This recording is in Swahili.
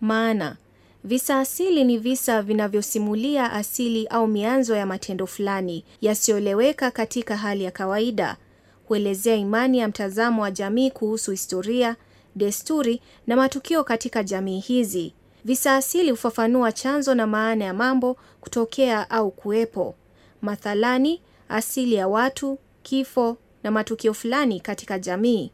Maana visa asili ni visa vinavyosimulia asili au mianzo ya matendo fulani yasiyoeleweka katika hali ya kawaida. Huelezea imani ya mtazamo wa jamii kuhusu historia, desturi na matukio katika jamii hizi. Visa asili hufafanua chanzo na maana ya mambo kutokea au kuwepo. Mathalani, asili ya watu, kifo na matukio fulani katika jamii.